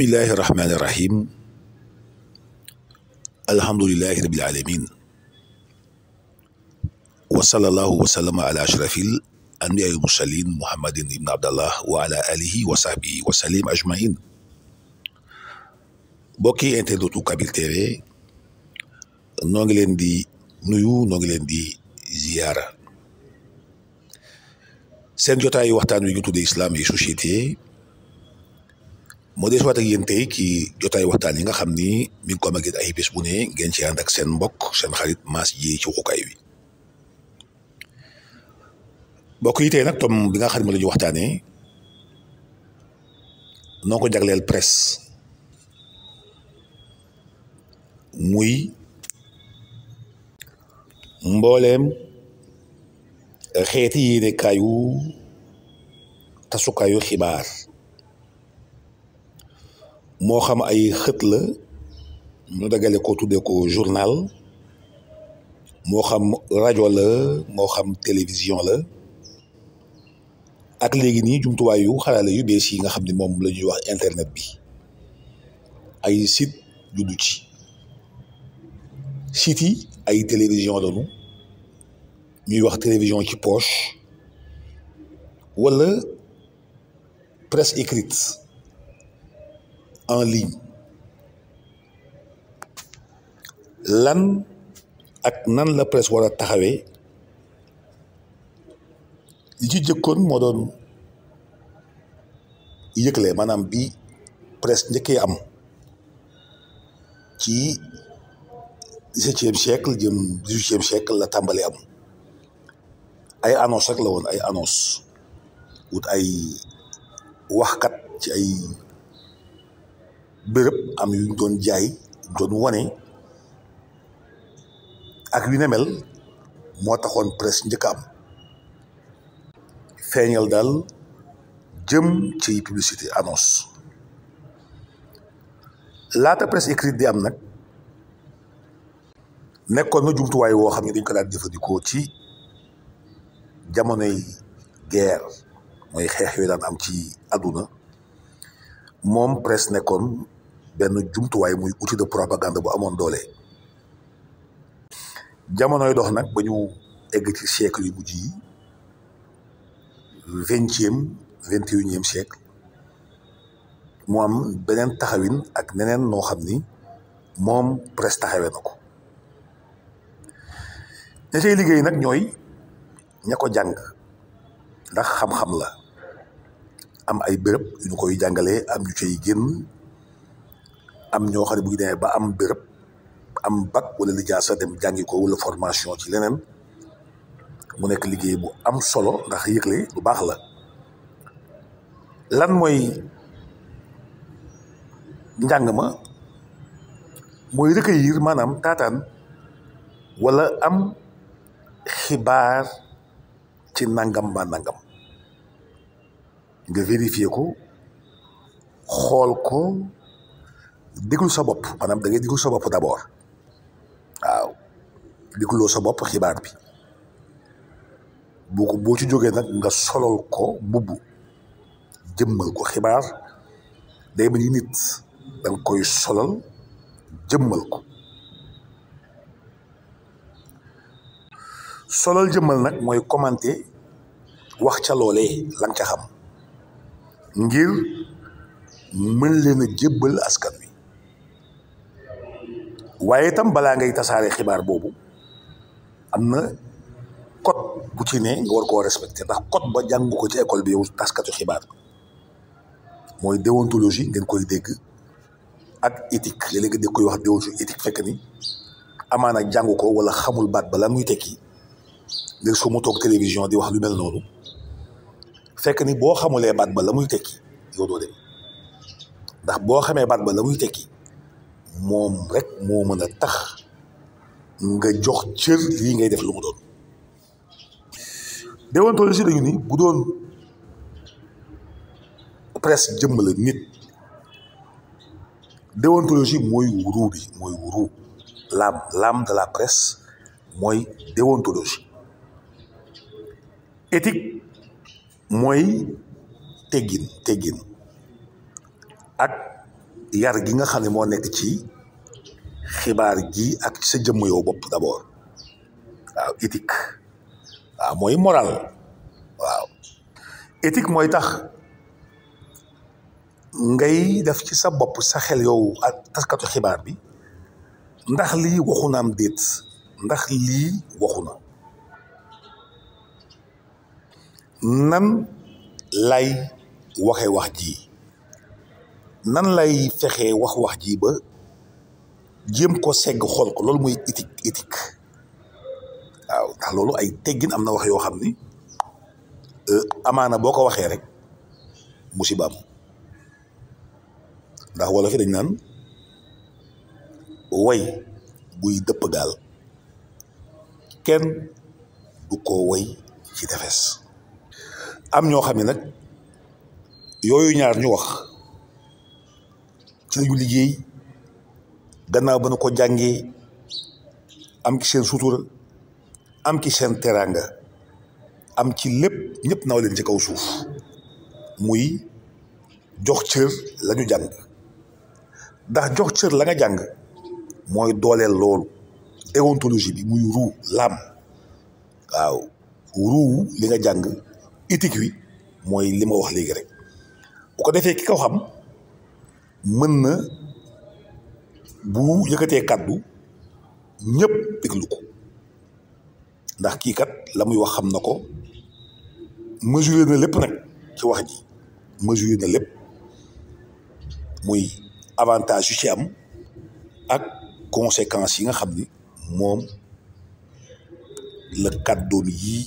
bismillahi irrahmani irrahim alhamdulilahi rabil alamin wa sallallahu wa sallama ala ashrafil anbiyaai mursalin muhammadin ibn abdallah wa ala alihi wa sahbihi wa sallim ajmain bokki internetu Kabir TV noo ngi leen di nuyu noo ngi leen di ziyaara seen jotaayu waxtaan wi ñu tuddee islam et moo des waat ak yéen tey ki jotaay waxtaan yi nga xam ni mi ngi ko amee ay bés bu ne ngeen ci ànd ak seen mbokk seen xarit maas yi ci waxukaay mbokk yi tey nag tom bi nga xam ne noo ko jagleel presse muy mbooleem xeeti yéene kaayu tasukaayu xibaar moo xam ay xët la ñu dagale ko tuddee ko journal moo xam rajo la moo xam télévision la ak léegi nii jumtuwaay yu xalaale yu bees yi nga xam ni moom la ñuy wax internet bi ay sit juddu ci site yi ay télévision lañu ñuy wax télévision ci poche wala presse écrite en ligne lan ak nan la presse war a taxawee li ci jëkkoon moo doon yëgle maanaam bi presque njëkkee am ci dix-septième siècle jëm dix la tàmbali am ay annonce rek la ay annonce wut ay waxkat ci ay bërëb am yuñ doon jaay doon wane ak yu ne mel moo taxoon presse njëkk am feeñal daal jëm ci publicité annonce laata presse écrite di am nag nekkoon na jumtuwaay woo xam ne dañ ko daan jëfandikoo ci jamonoy guerre mooy xeex yooyu daan am ci àdduna moom presse nekkoon benn jumtuwaay muy outil de propagande bu amoon doole jamonoy dox nag ba ñu egg ci siècle bu mujj yi vingtième vingt et unième siècle mu am beneen taxawin ak neneen noo xam ni moom presse taxawee na ko ña cay liggéey nag ñooy ña ko jàng ndax xam-xam la am ay bërëb yu koy jàngalee am ñu cay am ñoo xam ñu demee ba am béréb am bac wala lijaasa dem jàngi ko wala formation ci leneen mu nekk liggéey bu am solo ndax yëgle lu baax la lan mooy njàng ma mooy recueillir maanaam taataan wala am xibaar ci nangam ba nangam. nga vérifier ko xool ko déglu sa bopp maanaam da ngay déglu sa bopp d'abord waaw dégloo sa bopp xibaar bi boo ko boo ci jógee nag nga solol ko mbubb jëmmal ko xibaar day mel ni nit da koy solal jëmmal ko solol jëmmal nag mooy commenter wax ca loole la nga ca xam ngir mën leen a jébbal askan wi waaye itam balaa ngay tasaare xibaar boobu am na code bu ci ne nga war koo respecté ndax code ba jàngu ko ci école bi yow taskatu xibaar mooy déontologie ngeen koy dégg ak éthique léeg-léeg nga dégg koy wax déontologie éthique fekk ni amaan amaana jàngu ko wala xamul baat ba muy tekki léegi soo mu toog télévision di wax lu mel noonu fekk ni boo xamulee baat ba la muy tekki yow ndax boo xamee baat ba la muy tekki moom rek moo a tax nga jox cër lii ngay def lu mu doon déontologie dañu ni bu doon presse jëmm nit déontologie mooy wuru bi mooy wuru l'âme l'âme de la presse mooy déontologie éthique mooy teggin teggin ak yar gi nga xam ne moo nekk ci xibaar gi ak sa jëmm yow bopp d'abord waaw éthique waaw mooy moral waaw éthique mooy tax ngay def ci sa bopp sa xel yow ak taskatu xibaar bi ndax li waxu na am déet ndax lii waxu na nan lay waxe wax ji nan lay fexe wax wax ji ba jéem ko segg xool ko loolu mooy éthique éthique waaw ndax loolu ay teggin am na wax yoo xam ni euh, amaana boo ko waxee rek musiba am ndax wolof yi dañ naan way guy dëpp daal kenn du ko way ci tefes am ñoo xam ne nag yooyu ñaar ñu wax ci lañu liggéey gannaaw ba nu ko jàngee am ci seen sutura am ci seen teraanga am ci lépp ñëpp naw leen ci kaw suuf muy jox cër lañu ñu ndax jox cër la nga jàng mooy dooleel loolu déontologie bi muy ruu laam waaw ruu li nga jàng éthique wi mooy li ma wax léegi rek bu ko defee ki ko mën na bu yëkkatee kàddu ñëpp déglu ko ndax kii kat la muy wax xam na ko mesuré na lépp nag ci wax ji mesuré na lépp muy avantage yu ci am ak conséquence yi nga xam ni moom la kàddoom yii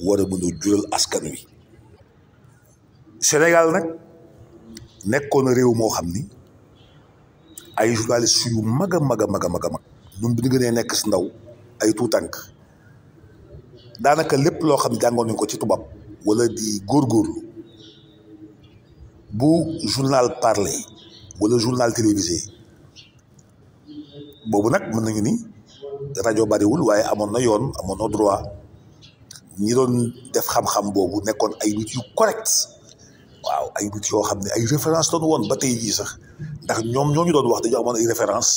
war a mën a jural askan wi Sénégal nag nekkoon na réew moo xam ni ay journaliste yu mag a mag a mag a mag a mag ñun bu gënee nekk si ndaw ay tuutànk daanaka lépp loo xam jàngoon nañu ko ci tubaab wala di góorgóorlu bu journal parlé wala journal télévisé boobu nag mën nañu ni rajo bariwul waaye amoon na yoon amoon na droit ñi doon def xam-xam boobu nekkoon ay nit yu correct waaw ay nit yoo xam ne ay référence doon woon ba tey jii sax ndax ñoom ñoo ñu doon wax dañoo amoon ay référence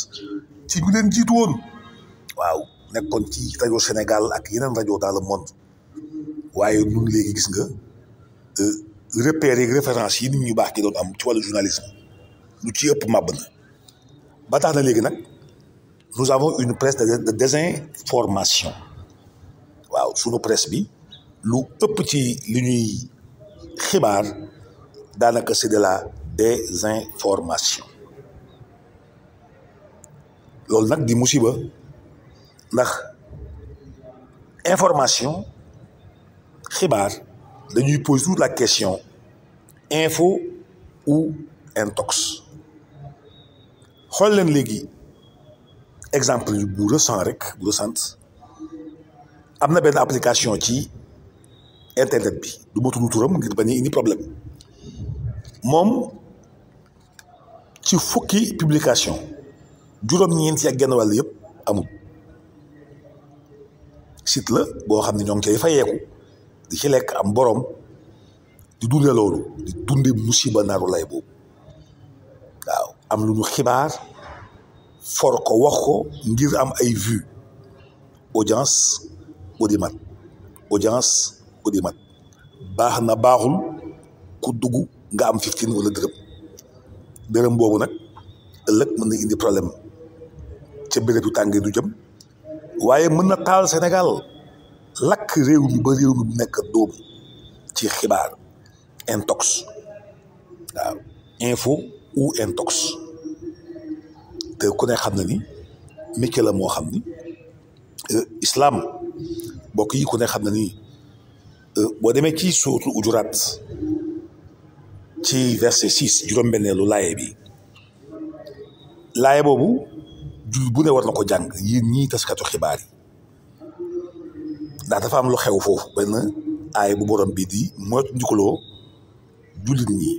ci ñu leen jiitu woon waaw nekkoon ci rajo Sénégal ak yeneen rajo dans le monde waaye ñun léegi gis nga euh, repères yi référence yi nit ñu baax ki doon am ci wàllu journalisme lu ci ëpp màbb na ba tax na léegi nag nous avons une presse de désinformation waaw sunu presse bi lu ëpp ci li ñuy xibaar daanaka c'est de la désinformation loolu nag di musiba ndax information xibaar dañuy pose toujours la question info u intox xool leen léegi exemple bu récent rek bu récent am na benn application ci internet bi du ma tudd turam ngir bañ a indi problème moom ci fukki publication juróom-ñeent yi ak genn wàll yëpp amul sit la boo xam ne ñoo ngi cay yeeku di ci lekk am boroom di dunde loolu di dunde musiba lay boobu waaw am lu ñu xibaar for ko wax ko ngir am ay vue audience audimat audience audimat baax na baaxul ku dugg nga am fifteen wala dërëm dërëm boobu nag ëllëg mën na indi problème ca béréb yu tàngee du jëm waaye mën na taal Sénégal lakk réew mi ba réew mi nekk dóom ci xibaar intox waaw info ou intox te ku ne xam na ni métier la moo xam ni euh, islam mbokk yi ku ne xam na ni euh, boo demee ci sóotu ujuraat ci verset six juróom-benneelu laaye bi laaye boobu jul bu ne war na ko jàng yéen ñii taskatu xibaar yi ndax dafa am lu xew foofu benn ay bu borom bi di moytu njukaloo jullit ñi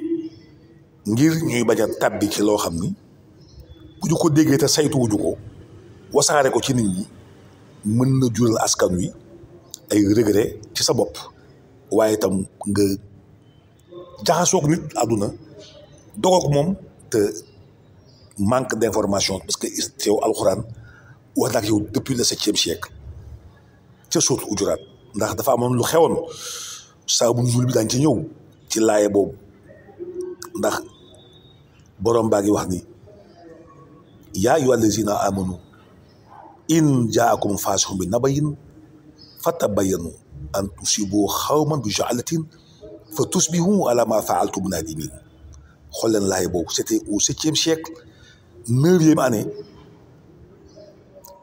ngir ñuy bañ a ci loo xam ni bu ñu ko déggee te saytuwuñu ko wasaare ko ci nit ñi mën na jural askan wi ay regret ci sa bopp waaye itam nga jaxasoo ko nit àdduna dogoo ko moom te manque d'information parce que yow alxuraan wax naak yow depuis le septième siècle ca sóotu ujuraat ndax dafa amoon lu xewoon saa bu njuul bi daan ci ñëw ci laaye boobu ndax boroom baa ngi wax ni yaa ayyuhal lazina amanu in jaakum faasiqun bi nabayin فتبينوا أن تصيبوا قوما بجهالة فتصبحوا على ما فعلتم نادمين xool leen laay boobu c'était au septième siècle neuvième année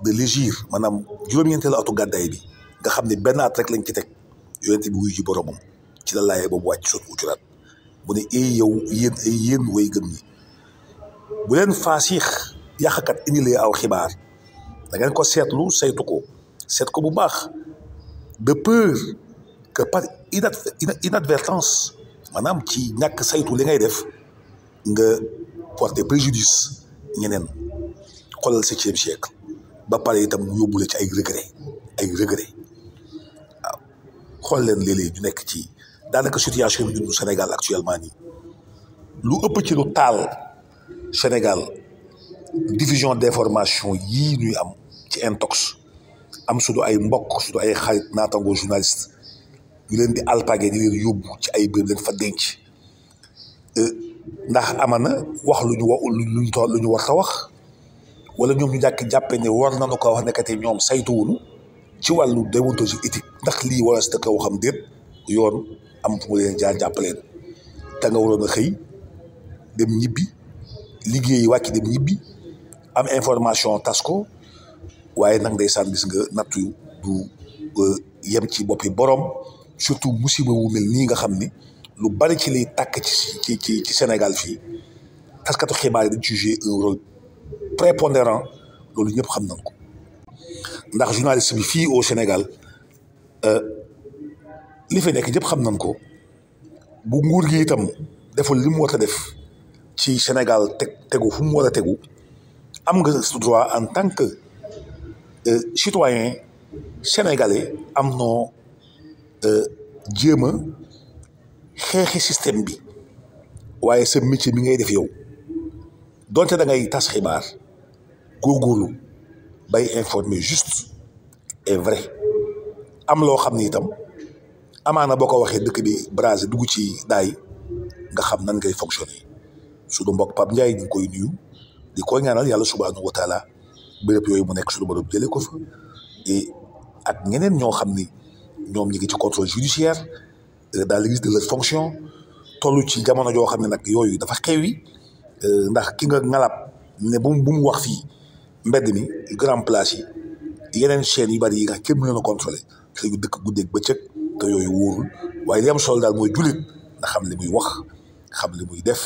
de l'hégire maanaam juróom-ñeenteelu atu gàddaay bi nga xam ne benn at rek lañ ci teg yonent bi wuyu ci la laay boobu wàcc sot ucuraat mu ne ay yow yéen ay yéen way gëm ñi bu leen faasiix yàqkat indi lee aw xibaar da ngeen ko seetlu saytu ko seet ko bu baax de peur que par inadvertance maanaam ci ñàkk saytu li ngay def nga porter préjudice ñeneen xoolal septième siècle ba pare itam mu yóbbule ci ay regret ay regret waaw xool leen léeg-léeg ñu nekk ci daanaka situation bi dund Sénégal actuellement nii lu ëpp ci lu taal Sénégal division d'information yii ñuy am ci intox am suñu ay mbokk suñu ay xarit naataangoo journaliste ñu leen di alpage di leen yóbbu ci ay biir leen fa denc euh, ndax amana wax luñu ñu wa lu lu ñu war a wax wala ñoom ñu jàkk jàppe ne war nañu ko wax nekkate ñoom saytuwunu ci wàllu déontologie éthique ndax lii war a si waxam déet yoon am fu mu leen jaar jàppaleen te nga waroon xëy dem ñibbi liggéey wàcc dem ñibbi am information tas ko waaye nag ndeysaan gis nga nattu du euh, yem ci boppi borom surtout musiba wu mel nii nga xam ni lu bari ci liy takk ci ci ci ci Sénégal fii taskatu xibaar yi dañ ci jouer un rôle prépondérant loolu ñëpp xam nañ ko ndax journaliste bi fii au Sénégal euh, li fi nekk ñëpp xam nañ ko bu nguur gi itam deful li mu war a def ci Sénégal teg tegu fu mu war a tegu am nga droit en tant que Euh, citoyen sénégalais am noo euh, jéem a xeexi système bi waaye sa métier mi ngay def yow donte da ngay tas xibaar góorgóorlu bay informer juste et vrai am loo xam ni itam amaana boo ko waxee dëkk bi brasé dugg ci daay nga xam nan ngay fonctionner suñu mbokk Pape Ndiaye ñu ngi koy nuyu di koy ñaanal yàlla subhanahu wa béréb yooyu mu nekk suñu borom jëlee ko fa et ak ñeneen ñoo xam ni ñoom ñi ci contrôle judiciaire euh, daal l'exercice de leur fonction toll ci jamono joo xam ne nag yooyu dafa xewi euh, ndax ki nga ngalab ne bu mu bu mu wax fii mbedd mi grand place yi yeneen chaînes yi bari yi nga xam kenn mënu leen a contrôlé te dëkk guddeeg bëccëg te yooyu wóorul waaye li am solo daal mooy jullit nga xam li muy wax xam li muy def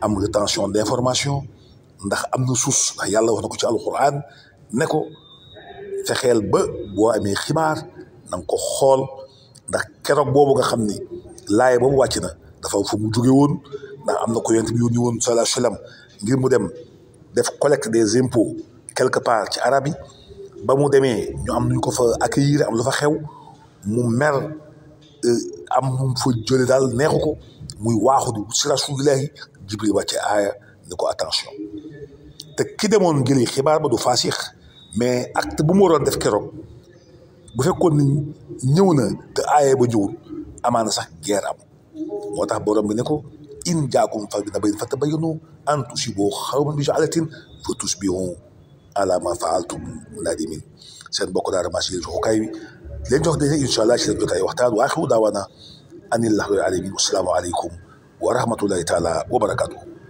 am rétention d'information ndax am na suus ndax yàlla wax na ko ci alquran ne ko fexeel ba boo amee xibaar na ko xool ndax keroog boobu nga xam ni laay boobu wàcc na dafa fu mu jóge woon ndax am na ko yonent bi yónni woon sallallahu alayhi wasallam ngir mu dem def collecte des impôts quelque part ci arab yi ba mu demee ñu am lu ñu ko fa accueillir am lu fa xew mu mer euh, am mu fa jële daal neexu ko muy waaxu di si rasulillahi jibril wàcce aaya ni ko attention te ki demoon jëli xibaar ba du faasix mais acte bu mu waroon def keroog bu fekkoon ni ñëw na te aaye ba ñëwul amaana sax guerre moo tax borom bi ne ko in jaakum fa bi na bayin fa tabayyanu an tusibu xawman bi jaalatin fa tusbihu ala ma faaltum nadimin seen bokk daara maa si leen joxukaay jox dee incha allah si leen jotaay waxtaan wa axiru daawaana anil hamdulillahi rabbil alamin wassalaamu aleykum wa rahmatullahi